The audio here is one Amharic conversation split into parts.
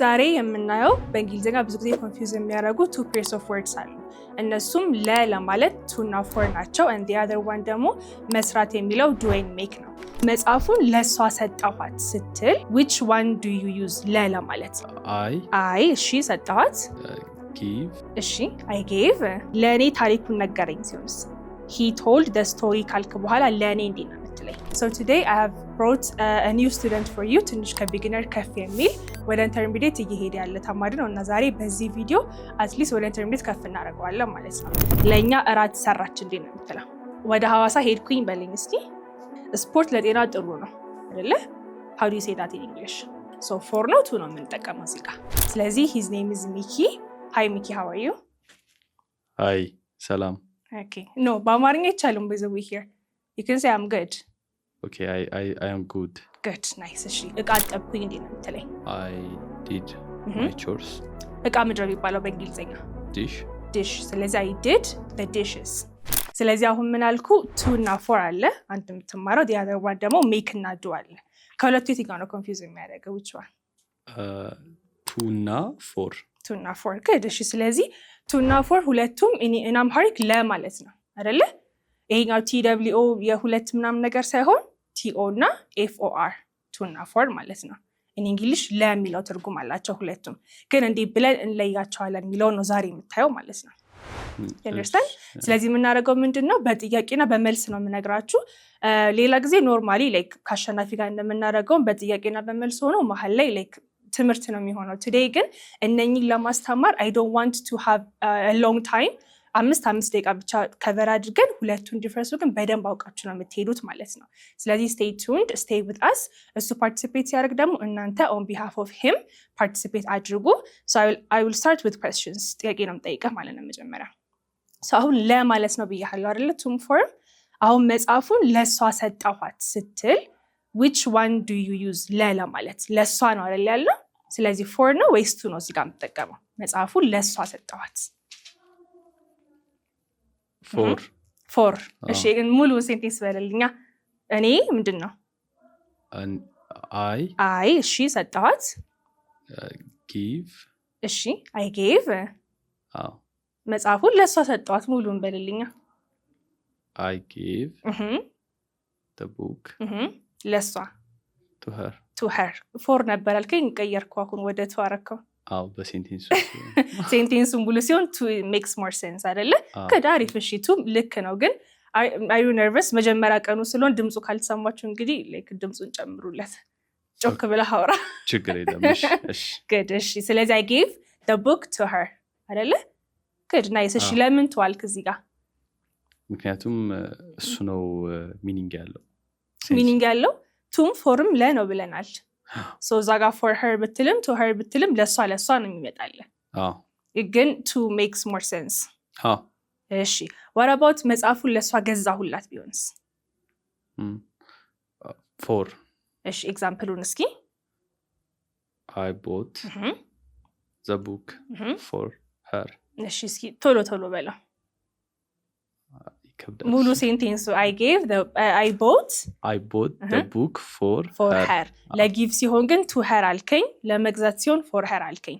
ዛሬ የምናየው በእንግሊዝኛ ብዙ ጊዜ ኮንፊውዝ የሚያደርጉ ቱ ፔርስ ኦፍ ወርድስ አሉ። እነሱም ለ ለማለት ቱ እና ፎር ናቸው። እንዲ አደር ዋን ደግሞ መስራት የሚለው ዱ ኤን ሜክ ነው። መጽሐፉን ለእሷ ሰጠኋት ስትል ዊች ዋን ዱ ዩ ዩዝ ለ ለማለት ነው? አይ አይ፣ እሺ ሰጠኋት። እሺ አይ ጌቭ። ለእኔ ታሪኩን ነገረኝ ሲሆንስ ሂ ቶልድ ደ ስቶሪ ካልክ በኋላ ለእኔ እንዲህ ነው የምትለኝ። ሶ ቱዴይ አይ ሃቭ ብሮት አ ኒው ስቱደንት ፎር ዩ ትንሽ ከቢግነር ከፍ የሚል ወደ ኢንተርሚዲየት እየሄደ ያለ ተማሪ ነው እና ዛሬ በዚህ ቪዲዮ አትሊስት ወደ ኢንተርሚዲየት ከፍ እናደርገዋለን ማለት ነው። ለእኛ እራት ሰራች እንዴ ነው የምትለው? ወደ ሀዋሳ ሄድኩኝ በልኝ እስቲ። ስፖርት ለጤና ጥሩ ነው አይደለ? ሀው ዱ ዩ ሴይ ዳት ኢን ኢንግሊሽ? ሶ ፎር ነው ቱ ነው የምንጠቀመው እዚህ ጋር። ስለዚህ ሂዝ ኔም ኢዝ ሚኪ። ሀይ ሚኪ ሀው አር ዩ? ሀይ ሰላም። ኖ በአማርኛ አይቻልም። በዘ ዊ ሂር ዩ ካን ሴይ አም ጉድ ኦኬ አይ አም ጉድ ግድ ናይስ። እሺ እቃ አጠብኩኝ እንዴት ነው የምትለኝ? አይ ዲድ ማይ እቃ ምድር የሚባለው በእንግሊዝኛ ዲሽ ዲሽ። ስለዚህ አይ ዲድ በዲሽስ። ስለዚህ አሁን ምን አልኩ? ቱ እና ፎር አለ አንድ የምትማረው ዲያዘር ደግሞ ሜክ እና ዱ አለ። ከሁለቱ የትኛው ነው ኮንፊዝ የሚያደርገው? ውጭ ቱ እና ፎር ቱ እና ፎር ግድ። እሺ ስለዚህ ቱ እና ፎር ሁለቱም ኢን አምሃሪክ ለማለት ነው አይደለ? ይሄኛው ቲ ደብሊው የሁለት ምናምን ነገር ሳይሆን ቲኦ እና ኤፍኦአር ቱ እና ፎር ማለት ነው። እንግሊሽ ለሚለው ትርጉም አላቸው ሁለቱም። ግን እንዲህ ብለን እንለያቸዋለን የሚለው ነው ዛሬ የምታየው ማለት ነው። ንደርስታን ስለዚህ የምናደርገው ምንድን ነው? በጥያቄና በመልስ ነው የምነግራችሁ። ሌላ ጊዜ ኖርማሊ ላይክ ከአሸናፊ ጋር እንደምናደርገውን በጥያቄና በመልስ ሆኖ መሀል ላይ ላይክ ትምህርት ነው የሚሆነው። ቱዴይ ግን እነኚህ ለማስተማር አይ ዶንት ዋንት ቱ ሃቭ ሎንግ ታይም አምስት አምስት ደቂቃ ብቻ ከቨር አድርገን ሁለቱ እንዲፈርሱ ግን በደንብ አውቃችሁ ነው የምትሄዱት ማለት ነው። ስለዚህ ስቴይ ቱንድ ስቴይ ዊዝ አስ። እሱ ፓርቲሲፔት ሲያደርግ ደግሞ እናንተ ኦን ቢሃፍ ኦፍ ሂም ፓርቲሲፔት አድርጉ። አይ ዊል ስታርት ዊዝ ኩዌስችንስ ጥያቄ ነው የምጠይቀህ ማለት ነው መጀመሪያ። አሁን ለማለት ነው ብያለሁ አይደለ? ቱም ፎርም አሁን መጽሐፉን ለእሷ ሰጠኋት ስትል ዊች ዋን ዱ ዩ ዩዝ ለ ለማለት ለእሷ ነው አይደል ያለው። ስለዚህ ፎር ነው ወይስ ቱ ነው እዚጋ የምጠቀመው? መጽሐፉን ለእሷ ሰጠኋት ፎር ፎር። እሺ፣ ግን ሙሉ ሴንቴንስ በልልኛ። እኔ ምንድን ነው አይ አይ፣ እሺ፣ ሰጠኋት። ጊቭ፣ እሺ፣ አይ ጌቭ። መጽሐፉን ለእሷ ሰጠዋት ሙሉን በልልኛ። አይ ጌቭ ቡክ ለእሷ ቱ ሄር ፎር ነበር አልከኝ፣ ቀየርኩ። አሁን ወደ ቱ አረከው። በሴንቴንሱ ሴንቴንሱን ሙሉ ሲሆን ቱ ሜክስ ሞር ሴንስ አደለ ከዳሪፍ እሺ፣ ልክ ነው ግን አዩ ነርቨስ መጀመሪያ ቀኑ ስለሆን ድምፁ ካልተሰማችሁ እንግዲህ ላይክ ድምፁን ጨምሩለት። ጮክ ብለ አውራ ችግር የለም። ግድ ስለዚህ አይ ጌቭ ቡክ ቱ ሄር አደለ ግድ ና የስሽ ለምን ተዋልክ እዚህ ጋር? ምክንያቱም እሱ ነው ሚኒንግ ያለው ሚኒንግ ያለው ቱም ፎርም ለ ነው ብለናል። ሶ እዛ ጋር ፎር ሄር ብትልም ቱ ሄር ብትልም ለእሷ ለእሷ ነው የሚመጣለ ግን ቱ ሜክስ ሞር ሴንስ። እሺ ወረባውት መጽሐፉን ለእሷ ሁላት ቢሆንስ? ፎር እሺ፣ ኤግዛምፕሉን እስኪ አይ ቦት ዘ ቡክ ፎር ሄር። እሺ፣ እስኪ ቶሎ ቶሎ በለው ይከብዳል። ሙሉ ሴንቴንሱ አይ ጌቭ ቦት አይ ቦት ቡክ ፎር ሄር። ለጊቭ ሲሆን ግን ቱ ሄር አልከኝ፣ ለመግዛት ሲሆን ፎር ሄር አልከኝ።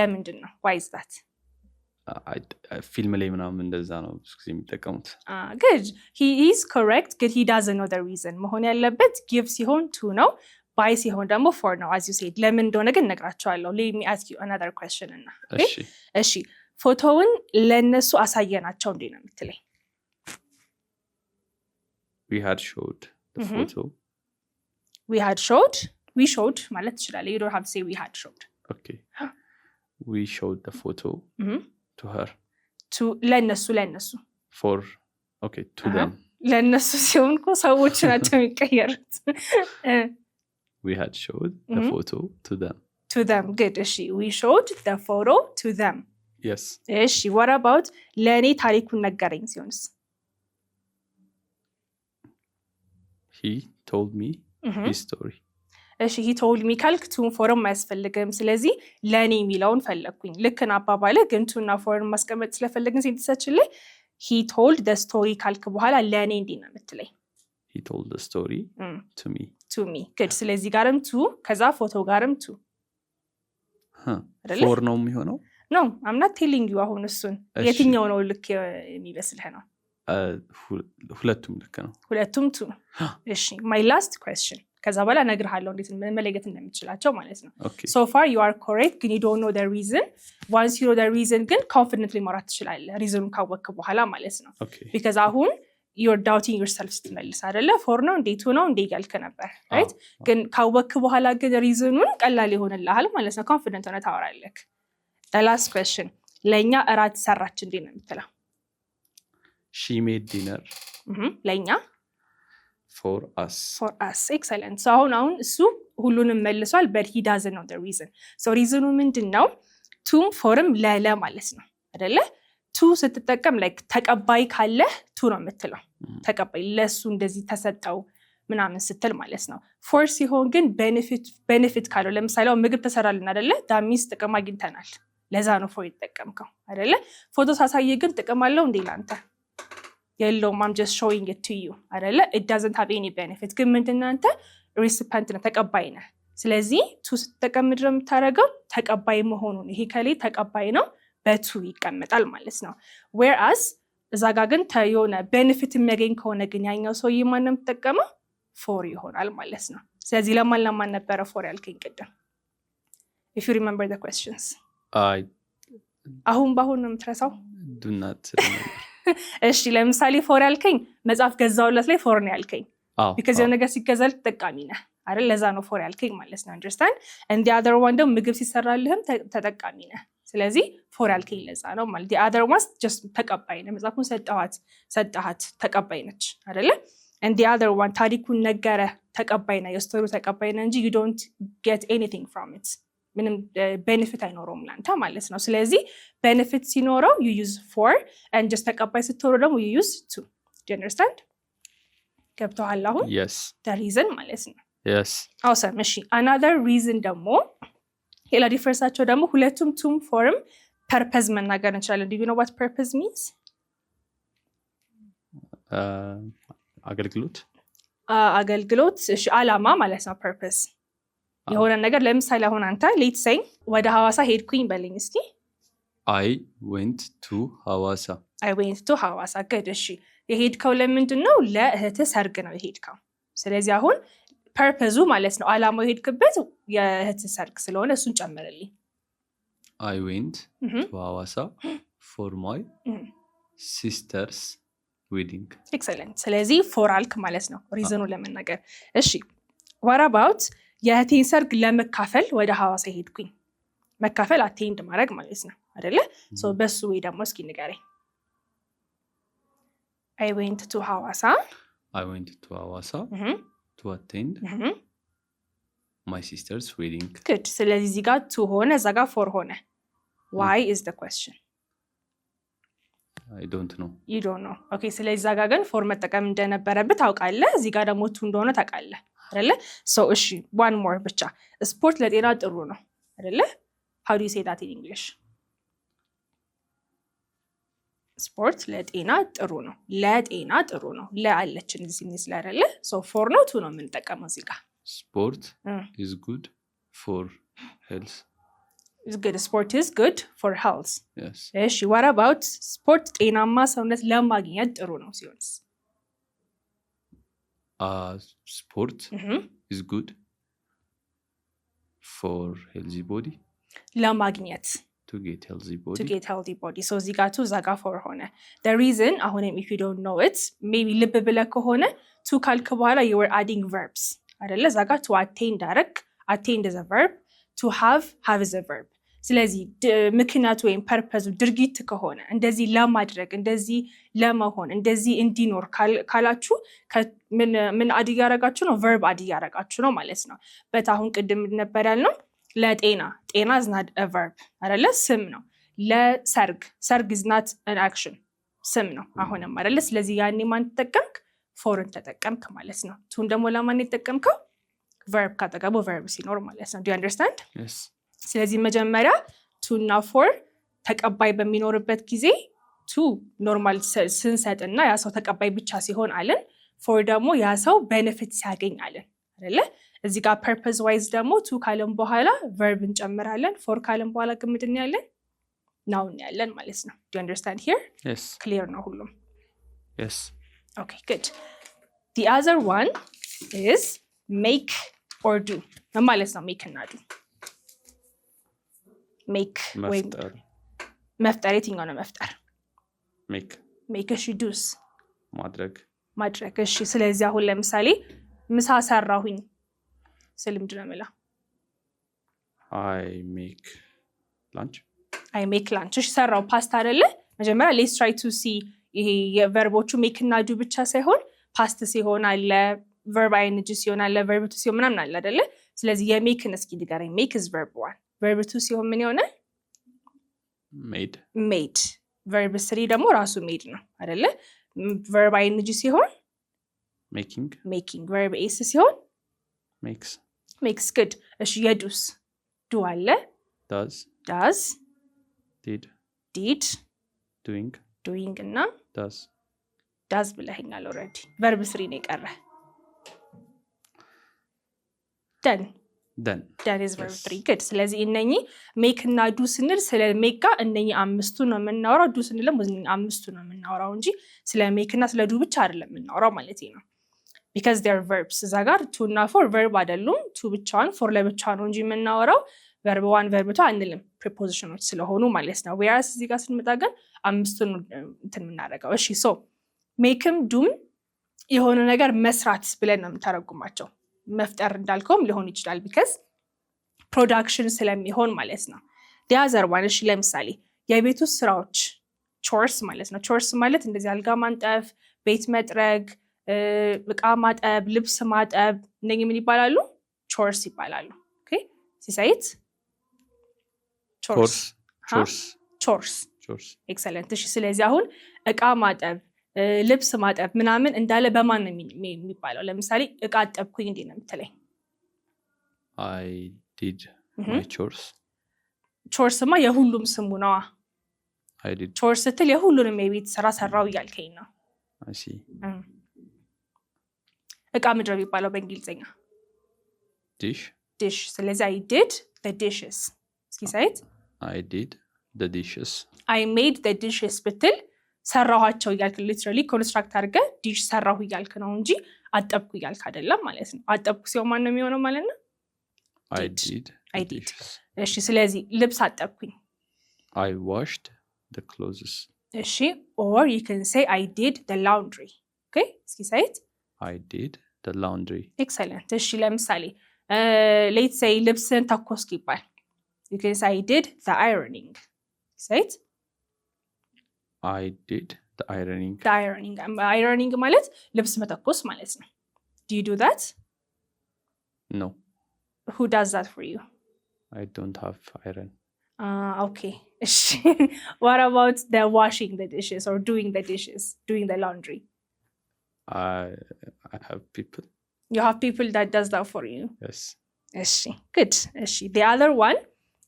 ለምንድን ነው ዋይዝ ዛት? ፊልም ላይ ምናምን እንደዛ ነው ብዙ ጊዜ የሚጠቀሙት። ግድ ሂ ኢዝ ኮሬክት፣ ግድ ሂ ዳዝን ኖ ዘ ሪዝን። መሆን ያለበት ጊቭ ሲሆን ቱ ነው፣ ባይ ሲሆን ደግሞ ፎር ነው። አዝ ዩ ሴድ ለምን እንደሆነ ግን እነግራቸዋለሁ። ሌት አስክ ዩ አናዘር ኩዌስችን እና እሺ ፎቶውን ለእነሱ አሳየናቸው እንዴ ነው የምትለኝ? we had showed the mm-hmm. photo. we had showed we showed ማለት ትችላለህ you don't have to say we had showed Okay. we showed the photo mm-hmm. to her to ለእነሱ ለእነሱ for okay to Uh-huh. them. ለእነሱ ሲሆን እኮ ሰዎች uh-huh. We had showed the mm-hmm. photo to them. to them good she? we showed the photo to them Yes. she? what about ለእኔ ታሪኩን ነገረኝ ሲሆንስ ቶልድ ሚ ስቶሪ። እሺ ሂ ቶልድ ሚ ካልክ ቱን ፎረም አያስፈልግም። ስለዚህ ለእኔ የሚለውን ፈለግኩኝ። ልክን አባባለ ግን ቱና ፎርም ማስቀመጥ ስለፈለግን ሴንተንሳችን ላይ ሂ ቶልድ ደ ስቶሪ ካልክ በኋላ ለእኔ እንዲህ ነው የምትለኝ። ሂ ቶልድ ስቶሪ ቱ ሚ ቱ ሚ ግድ። ስለዚህ ጋርም ቱ ከዛ ፎቶ ጋርም ቱ ፎር ነው የሚሆነው። ነው አምናት ቴሊንግ ዩ አሁን እሱን የትኛው ነው ልክ የሚመስልህ ነው ሁለቱም ልክ ነው። ሁለቱም ቱ እሺ ማይ ላስት ኮስን ከዛ በኋላ ነግርሃለው እንዴት መለየት እንደምችላቸው ማለት ነው። ሶ ፋር ዩ አር ኮሬክት ግን ዶንት ኖ ሪዝን ዋንስ ዩ ኖ ሪዝን ግን ኮንፊደንት ሊማራት ትችላለ ሪዝኑን ካወክ በኋላ ማለት ነው። ቢካዝ አሁን ዩር ዳውቲንግ ዩርሰልፍ ስትመልስ አደለ ፎር ነው እንዴቱ ነው እንዴ እያልክ ነበር ራይት። ግን ካወክ በኋላ ግን ሪዝኑን ቀላል ይሆንልሃል ማለት ነው። ኮንፊደንት ሆነ ታወራለክ ላስት ኮስን ለእኛ እራት ሰራች እንዴ ነው የምትለው ሺሜድ ዲነር ለእኛ ፎር አስ ፎር አስ ኤክሰለንት። አሁን አሁን እሱ ሁሉንም መልሷል። በት ሂ ዳዝ ነው ሪዝን። ሪዝኑ ምንድን ነው? ቱም ፎርም ለለ ማለት ነው አደለ? ቱ ስትጠቀም ላይክ ተቀባይ ካለ ቱ ነው የምትለው ተቀባይ ለሱ እንደዚህ ተሰጠው ምናምን ስትል ማለት ነው። ፎር ሲሆን ግን ቤኔፊት ካለው ለምሳሌ ምግብ ተሰራልን አደለ? ዳሚስ ጥቅም አግኝተናል። ለዛ ነው ፎር የተጠቀምከው አደለ? ፎቶ ሳሳየ ግን ጥቅም አለው እንዴ ላንተ የለውም አም ጀስት ሾዊንግ ኢት ቱ ዩ አይደለ ኢት ዳዝንት ሃቭ ኤኒ ቤኔፊት ግን ምንድን ሪሲፐንት ነህ ተቀባይ ነህ ስለዚህ ቱ ስትጠቀም ምድር የምታደርገው ተቀባይ መሆኑን ይሄ ከሌ ተቀባይ ነው በቱ ይቀመጣል ማለት ነው ዌር አስ እዛ ጋ ግን የሆነ ቤኔፊት የሚያገኝ ከሆነ ግን ያኛው ሰውዬ ማን ነው የምትጠቀመው ፎር ይሆናል ማለት ነው ስለዚህ ለማን ለማን ነበረ ፎር ያልከኝ ቅድም ኢፍ ዩ ሪመምበር ዘ አሁን በአሁን ነው የምትረሳው ዱናት እሺ ለምሳሌ ፎር ያልከኝ መጽሐፍ ገዛውለት ላይ ፎር ነው ያልከኝ። ቢካዝ የሆነ ነገር ሲገዛል ተጠቃሚ ነህ አይደል? ለዛ ነው ፎር ያልከኝ ማለት ነው። አንደርስታንድ እንዲ አደር ዋን ደግሞ ምግብ ሲሰራልህም ተጠቃሚ ነህ። ስለዚህ ፎር ያልከኝ ለዛ ነው ማለት አደር ዋንስ ጀስት ተቀባይ ነህ። መጽሐፉን ሰጠሃት ሰጠሃት ተቀባይ ነች አይደለ? እንዲ አደር ዋን ታሪኩን ነገረ ተቀባይ ነህ። የስቶሪ ተቀባይ ነህ እንጂ ዩ ዶንት ጌት ኤኒቲንግ ፍሮም ኢት ምንም ቤኔፊት አይኖረውም ላንተ ማለት ነው። ስለዚህ ቤኔፊት ሲኖረው ዩ ዩዝ ፎር እንጀስ ተቀባይ ስትሆኑ ደግሞ ዩ ዩዝ ቱ ጀነርስታንድ ገብተዋል አሁን ሪዝን ማለት ነው። አውሰም እሺ። አናዘር ሪዝን ደግሞ ሌላ ዲፈረንሳቸው ደግሞ ሁለቱም ቱም ፎርም ፐርፐዝ መናገር እንችላለን። ዩ ኖ ዋት ፐርፐዝ ሚንስ አገልግሎት አገልግሎት፣ እሺ፣ አላማ ማለት ነው ፐርፐስ። የሆነ ነገር ለምሳሌ አሁን አንተ ሌት ሰይ ወደ ሀዋሳ ሄድኩኝ በልኝ እስኪ። አይ ዌንት ቱ ሐዋሳ። አይ ዌንት ቱ ሐዋሳ አይ ቱ ሐዋሳ ግድ እሺ የሄድከው ለምንድን ነው? ለእህት ሰርግ ነው የሄድከው። ስለዚህ አሁን ፐርፐዙ ማለት ነው አላማው የሄድክበት የእህት ሰርግ ስለሆነ እሱን ጨምርልኝ። አይ ዌንት ቱ ፎር ማይ ሲስተርስ ዌዲንግ። ኤክሰለንት። ስለዚህ ፎር አልክ ማለት ነው ሪዝኑ ለመናገር። እሺ ዋር የእህቴን ሰርግ ለመካፈል ወደ ሐዋሳ ሄድኩኝ። መካፈል አቴንድ ማድረግ ማለት ነው አደለ? በሱ ወይ ደግሞ እስኪ ንገረኝ። አይ ዌንት ቱ ሐዋሳ አይ ዌንት ቱ ሐዋሳ ቱ አቴንድ ማይ ሲስተርስ ዌዲንግ ግድ። ስለዚህ እዚህ ጋር ቱ ሆነ፣ እዛ ጋር ፎር ሆነ። ዋይ ኢዝ ዘ ኩዌስችን አይ ዶንት ኖ ዩ ዶንት ኖ። ኦኬ። ስለዚህ እዛ ጋር ግን ፎር መጠቀም እንደነበረብህ ታውቃለህ። እዚህ ጋር ደግሞ ቱ እንደሆነ ታውቃለህ። አይደለ? ሰው እሺ፣ ዋን ሞር ብቻ ስፖርት ለጤና ጥሩ ነው አይደለ? ሀው ዱ ሴ ዳት ኢን ኢንግሊሽ? ስፖርት ለጤና ጥሩ ነው። ለጤና ጥሩ ነው። ለአለችን እዚህ ሚስል አይደለ? ሶ ፎር ነው ቱ ነው የምንጠቀመው እዚህ ጋር። ስፖርት ኢዝ ጉድ ፎር ሄልስ ስፖርት ኢዝ ጉድ ፎር ሄልስ። እሺ ዋት አባውት ስፖርት ጤናማ ሰውነት ለማግኘት ጥሩ ነው ሲሆንስ uh, sport Mhm. is good for healthy body ለማግኘት to get healthy body. to get healthy body so እዚህ ጋር ቱ እዛ ጋር the reason አሁንም if you don't know it maybe ልብ ብለህ ከሆነ to ካልክ በኋላ you were adding verbs አይደለ zaga to attain direct. attain is a verb to have have is a verb ስለዚህ ምክንያቱ ወይም ፐርፐዙ ድርጊት ከሆነ እንደዚህ ለማድረግ እንደዚህ ለመሆን እንደዚህ እንዲኖር ካላችሁ ምን አድ እያደረጋችሁ ነው? ቨርብ አድ እያደረጋችሁ ነው ማለት ነው። በት አሁን ቅድም ነበር ያልነው ለጤና ጤና ዝናት ቨርብ አይደለ? ስም ነው። ለሰርግ ሰርግ ዝናት አክሽን ስም ነው። አሁንም አይደለ? ስለዚህ ያኔ ማን ተጠቀምክ? ፎርን ተጠቀምክ ማለት ነው። ቱን ደግሞ ለማን የተጠቀምከው? ቨርብ ካጠቀሙ ቨርብ ሲኖር ማለት ነው። ዱ አንደርስታንድ ስለዚህ መጀመሪያ ቱ እና ፎር ተቀባይ በሚኖርበት ጊዜ ቱ ኖርማል ስንሰጥና ያ ሰው ተቀባይ ብቻ ሲሆን አለን። ፎር ደግሞ ያ ሰው ቤኔፊት ሲያገኝ አለን አይደለ? እዚህ ጋር ፐርፐዝ ዋይዝ ደግሞ ቱ ካለን በኋላ ቨርብ እንጨምራለን። ፎር ካለን በኋላ ግምድን ያለን ናውን ያለን ማለት ነው። ዱ አንደርስታንድ ሂር? ክሊር ነው ሁሉም? ኦኬ ግድ ዲ አዘር ዋን ኢዝ ሜክ ኦር ዱ ማለት ነው ሜክ እና ዱ ሜክ ወይም መፍጠር የትኛው ነው መፍጠር? ሜክ ሜክ። እሺ ዱስ ማድረግ ማድረግ። እሺ ስለዚህ አሁን ለምሳሌ ምሳ ሰራሁኝ ስልምድ ነው ምላ አይ ሜክ ላንች አይ ሜክ ላንች። እሺ ሰራው ፓስት አደለ መጀመሪያ ሌስ ትራይ ቱ ሲ ይሄ የቨርቦቹ ሜክ እና ዱ ብቻ ሳይሆን ፓስት ሲሆን አለ ቨርብ አይንጅ ሲሆን አለ ቨርብ ቱ ሲሆን ምናምን አለ አደለ ስለዚህ የሜክን እስኪ ንገረኝ። ሜክ ዝ ቨርብ ዋን ቨርብቱ ሲሆን ምን ይሆናል? ሜድ ሜድ። ቨርብ ስሪ ደግሞ ራሱ ሜድ ነው አደለ? ቨርብ አይንጂ ሲሆን ሜኪንግ ሜኪንግ። ቨርብ ኤስ ሲሆን ሜክስ ሜክስ። ግድ። እሺ የዱስ ዱ አለ፣ ዳዝ ዳዝ፣ ዲድ ዲድ፣ ዱዊንግ ዱዊንግ እና ዳዝ ዳዝ ብለኸኛል። ኦልሬዲ ቨርብ ስሪ ነው የቀረ ደን ደን ኢዝ ቨሪ ፍሪ ግድ። ስለዚህ እነኚህ ሜክ እና ዱ ስንል ስለ ሜክ ጋር እነኚህ አምስቱ ነው የምናወራው፣ ዱ ስንልም አምስቱ ነው የምናወራው እንጂ ስለ ሜክ እና ስለ ዱ ብቻ አይደለም የምናወራው ማለት ነው። ቢካዝ ር ቨርብስ እዛ ጋር ቱ እና ፎር ቨርብ አይደሉም። ቱ ብቻዋን ፎር ለብቻ ነው እንጂ የምናወራው ቨርብ ዋን ቨርብ ቱ አንልም፣ ፕሪፖዚሽኖች ስለሆኑ ማለት ነው። ዌራስ እዚህ ጋር ስንመጣ ግን አምስቱን እንትን የምናደርገው። እሺ ሶ ሜክም ዱም የሆነ ነገር መስራት ብለን ነው የምተረጉማቸው መፍጠር እንዳልከውም ሊሆን ይችላል። ቢከዝ ፕሮዳክሽን ስለሚሆን ማለት ነው። ዲያዘርዋን እሺ፣ ለምሳሌ የቤት ውስጥ ስራዎች ቾርስ ማለት ነው። ቾርስ ማለት እንደዚህ አልጋ ማንጠፍ፣ ቤት መጥረግ፣ እቃ ማጠብ፣ ልብስ ማጠብ እንደኝ ምን ይባላሉ? ቾርስ ይባላሉ። ሲሳይት ቾርስ ቾርስ ኤክሰለንት። እሺ፣ ስለዚህ አሁን እቃ ማጠብ ልብስ ማጠብ ምናምን እንዳለ በማን ነው የሚባለው? ለምሳሌ እቃ አጠብኩኝ እንዴ ነው የምትለኝ? ቾርስ። ቾርስማ የሁሉም ስሙ ነዋ። ቾርስ ስትል የሁሉንም የቤት ስራ ሰራው እያልከኝ ነው። እቃ ምድር የሚባለው በእንግሊዝኛ ዲሽ ዲሽ። ስለዚህ አይ ዲድ ዲሽስ። እስኪ ሳይት አይ ዲድ ዲሽስ፣ አይ ሜድ ዲሽስ ብትል ሰራኋቸው እያልክ ሊትራሊ ኮንስትራክት አድርገ ዲሽ ሰራሁ እያልክ ነው እንጂ አጠብኩ እያልክ አይደለም ማለት ነው። አጠብኩ ሲሆን ማን ነው የሚሆነው ማለት ነው? አይዲድ። እሺ፣ ስለዚህ ልብስ አጠብኩኝ። አይ ዋሽድ ዘ ክሎዝስ። እሺ፣ ኦር ዩ ካን ሴይ አይ ዲድ ዘ ላውንድሪ። ኦኬ፣ እስኪ ሳይት አይ ዲድ ዘ ላውንድሪ። ኤክሰለንት። እሺ፣ ለምሳሌ ሌት ሴይ ልብስን ተኮስክ ይባል ዩ ካን ሴይ አይ ዲድ ዘ አይሮኒንግ። ሳይት I did the ironing. The ironing. Um, ironing ማለት ልብስ መተኮስ ማለት ነው። Do you do that? No. Who does that for you? I don't have iron. Uh, okay. what about the washing the dishes or doing the dishes, doing the laundry? I I have people. You have people that does that for you? Yes. Is she? Good. Is she? The other one?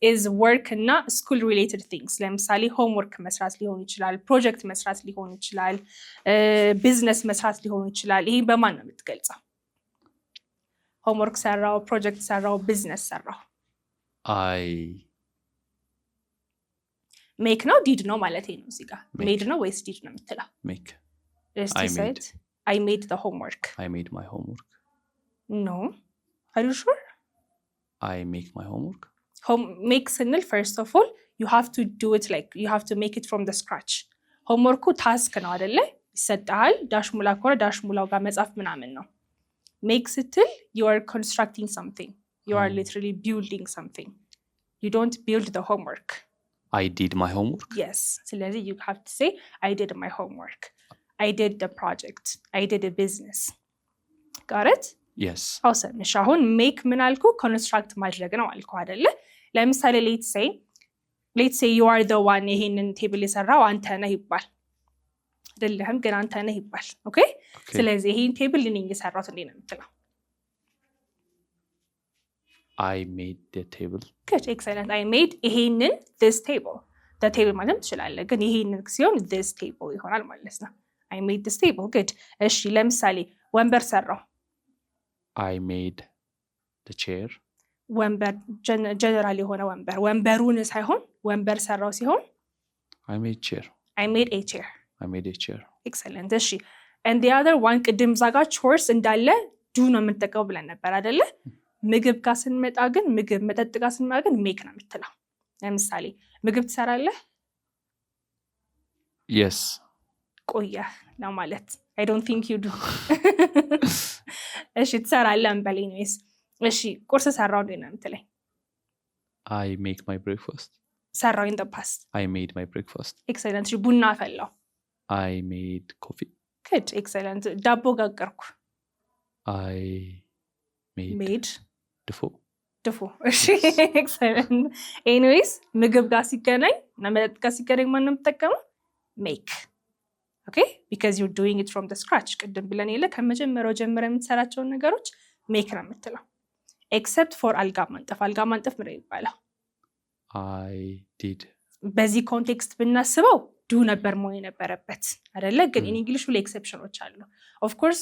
ኢዝ ወርክ እና ስኩል ሪሌትድ ቲንግስ ለምሳሌ ሆምወርክ መስራት ሊሆን ይችላል፣ ፕሮጀክት መስራት ሊሆን ይችላል፣ ቢዝነስ መስራት ሊሆን ይችላል። ይሄ በማን ነው የምትገልጸው? ሆምወርክ ሰራው፣ ፕሮጀክት ሰራው፣ ቢዝነስ ሰራው። አይ ሜክ ነው ዲድ ነው ማለት ነው። እዚህ ጋር ሜድ ነው ወይስ ዲድ ነው የምትለው? ሜክ አይ ሜድ ዘ ሆምወርክ አይ ሜድ ማይ ሆምወርክ ኖ አር ዩ ሹር አይ ሜክ ማይ ሆምወርክ ሜክ ስንል ፈርስት ኦፍ ኦል ዩ ሃቭ ቱ ዱ ኢት ላይክ ዩ ሃቭ ቱ ሜክ ኢት ፍሮም ደ ስክራች። ሆምወርኩ ታስክ ነው አደለ? ይሰጣል ዳሽ ሙላ ከሆነ ዳሽ ሙላው ጋር መጻፍ ምናምን ነው። ሜክ ስትል ዩ አር ኮንስትራክቲንግ ሳምቲንግ ዩ አር ሊትራሊ ቢልዲንግ ሳምቲንግ ዩ ዶንት ቢልድ ደ ሆምወርክ አይ ዲድ ማይ ሆምወርክ የስ። ስለዚህ ዩ ሃቭ ቱ ሴይ አይ ዲድ ማይ ሆምወርክ አይ ዲድ ደ ፕሮጀክት አይ ዲድ ቢዝነስ ጋረት የስ። አውሰን እሺ፣ አሁን ሜክ ምን አልኩ? ኮንስትራክት ማድረግ ነው አልኩ አይደለ? ለምሳሌ ሌት ሴይ ሌት ሴይ አር ዘ ዋን ይሄንን ቴብል የሰራው አንተ ነህ ይባል አይደለህም ግን አንተ ነህ ይባል። ኦኬ ስለዚህ ይሄን ቴብል እኔ የሰራሁት እንዴት ነው የምትለው? አይ ሜድ ዘ ቴብል። ጉድ ኤክሰለንት። አይ ሜድ ይሄንን ዚስ ቴብል ዘ ቴብል ማለት ትችላለህ፣ ግን ይሄንን ሲሆን ዚስ ቴብል ይሆናል ማለት ነው። አይ ሜድ ዚስ ቴብል። ጉድ እሺ፣ ለምሳሌ ወንበር ሰራው። አይ ሜድ ዘ ቼር ወንበር ጀነራል የሆነ ወንበር ወንበሩን ሳይሆን ወንበር ሰራው ሲሆን ኤክሰለንት። እሺ እንዲ አደር ዋን ቅድም ዛጋ ሆርስ እንዳለ ዱ ነው የምንጠቀመው ብለን ነበር አደለ? ምግብ ጋር ስንመጣ ግን ምግብ፣ መጠጥ ጋር ስንመጣ ግን ሜክ ነው የምትለው። ለምሳሌ ምግብ ትሰራለህ የስ ቆየ ለማለት አይ ዶንት ቲንክ ዩ ዱ። እሺ ትሰራለን እንበል እሺ ቁርስ ሰራው እንዴ ነው የምትለኝ? አይ ሜክ ማይ ብሬክፋስት ሰራው ኢን ፓስት። አይ ሜድ ማይ ብሬክፋስት። ኤክሰለንት። ቡና ፈላው። አይ ሜድ ኮፊ ክድ። ኤክሰለንት። ዳቦ ጋገርኩ። አይ ሜድ ድፎ ድፎ። እሺ ኤክሰለንት። ኤኒዌይስ ምግብ ጋር ሲገናኝ እና መጠጥ ጋር ሲገናኝ ማን ነው የምጠቀመው? ሜክ ኦኬ ቢካዝ ዩር ዱዊንግ ኢት ፍሮም ስክራች። ቅድም ብለን የለ ከመጀመሪያው ጀምረ የምትሰራቸውን ነገሮች ሜክ ነው የምትለው። ኤክሰፕት ፎር አልጋ ማንጠፍ። አልጋ ማንጠፍ ምን ይባላል? አይ ዲድ በዚህ ኮንቴክስት ብናስበው ዱ ነበር መሆን የነበረበት አደለ ግን ኢንግሊሽ ብሎ ኤክሰፕሽኖች አሉ። ኦፍኮርስ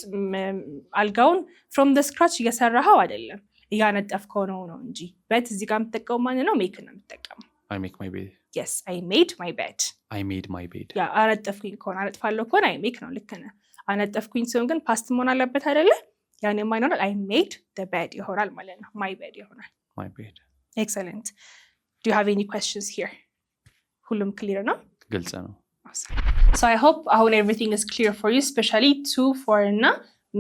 አልጋውን ፍሮም ደ ስክራች እየሰራኸው አይደለም እያነጠፍከው ነው ነው እንጂ በት እዚህ ጋር የምጠቀሙ ማን ነው? ሜክ ነው የምጠቀሙ የስ ከሆነ አነጥፋለሁ ከሆነ አይ ሜክ ነው ልክ አነጠፍኩኝ ሲሆን ግን ፓስት መሆን አለበት አይደለ? ያን የማይኖራል አይ ሜድ ቤድ ይሆናል ማለት ነው። ማይ ቤድ ይሆናል። ኤክሰለንት ዱ ሃቭ ኤኒ ኩዌስችንስ ሂር? ሁሉም ክሊር ነው፣ ግልጽ ነው። ሶ አይ ሆፕ አሁን ኤቭሪቲንግ ስ ክሊር ፎር ዩ ስፔሻሊ ቱ ፎር እና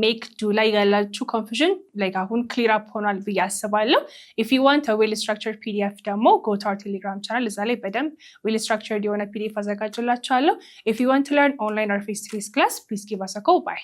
ሜክ ዱ ላይ ያላችሁ ኮንፊዥን ላይክ አሁን ክሊር አፕ ሆኗል ብዬ አስባለሁ። ኢፍ ዩ ዋንት ዌል ስትራክቸር ፒዲኤፍ ደግሞ ጎ ቴሌግራም ቻናል እዛ ላይ በደንብ ዌል ስትራክቸር የሆነ ፒዲኤፍ አዘጋጅላችኋለሁ። ኢፍ ዩ ዋንት ለርን ኦንላይን ኦር ፌስ ክላስ ፕሊዝ ጊቭ አስ ኮል ባይ